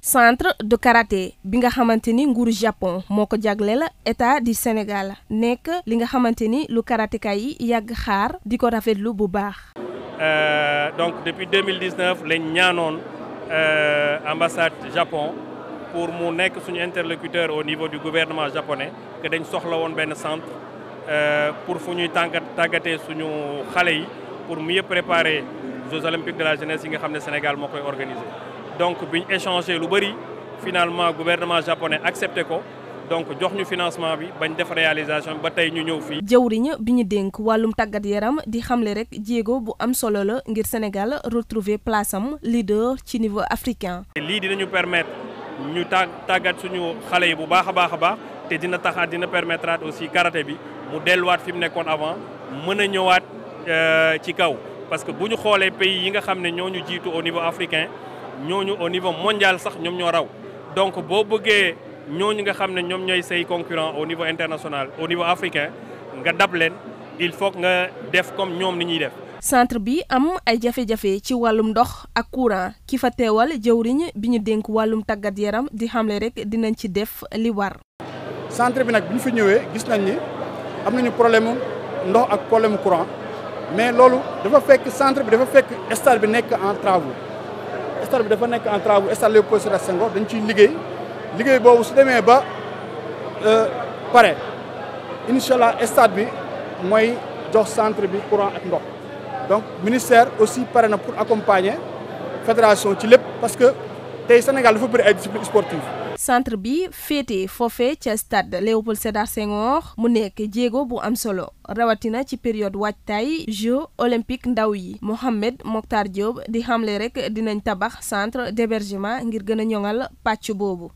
centre de karaté bi nga xamante ni nguuru japon moo ko jagle la état du Sénégal nekk li nga xamante ni lu karateka yi yàgg xaar di ko rafetlu bu baax. Euh, donc depuis 2019 lañ ñaanoon euh, ambassade japon pour mu nekk suñu interlocuteur au niveau du gouvernement japonais que dañ soxla woon benn centre euh, pour fu ñuy tàngat tàggatee suñu xale yi. pour mu mieux préparer Jeux olympiques de la jeunesse yi nga xam ne Sénégal moo koy organiser. donc bi ñu échangé lu bëri finalement gouvernement japonais accepté ko. donc jox ñu financement bi bañ def réalisation ba tey ñu ñëw fii. jëwriñ bi ñu dénk wàllum tàggat yaram di xamle rek jéego bu am solo la ngir Sénégal retrouver place am leader ci niveau africain. te lii dinañu permettre ñu tà tàggat suñu xale yi bu baax a baax a baax te dina taxaat dina permettre aussi karaté bi mu delluwaat fi mu nekkoon avant mën a ñëwaat. Euh, ci kaw parce que bu ñu xoolee pays yi nga xam ne ñoo ñu jiitu au niveau africain ñooñu au niveau mondial sax ñoom ñoo raw donc boo bëggee ñooñu nga xam ne ñoom ñooy say concurrent au niveau international au niveau africain nga dab leen il faut nga def comme ñoom ni ñuy def. centre bi am ay jafe-jafe ci wàllum ndox ak courant ki fa teewal jëwriñ bi ñu dénk wàllum tàggat yaram di xamle rek dinañ ci def li war. centre bi nag bi ñu fi ñëwee gis nañ ni am nañu problème ndox ak problème courant. mais loolu dafa fekk centre bi dafa fekk stade bi nekk en travaux stade bi dafa nekk en travaux stade Léopold Sédar Senghor dañ ciy liggéey liggéey boobu su demee ba euh, pare incha allah stade bi mooy jox centre bi courant ak ndox donc ministère aussi pare na pour accompagner fédération ci lépp parce que tey Sénégal dafa bëri ay discipline sportive centre bi féete foofe ca stade Léopold Sédar Senghor mu nekk jéego bu am solo rawatina ci période waajtaay jeux olympique ndaw yi Mohamed Mokhtar Diop di xamle rek dinañ tabax centre d'hébergement ngir gëna a ñoŋal pàcc boobu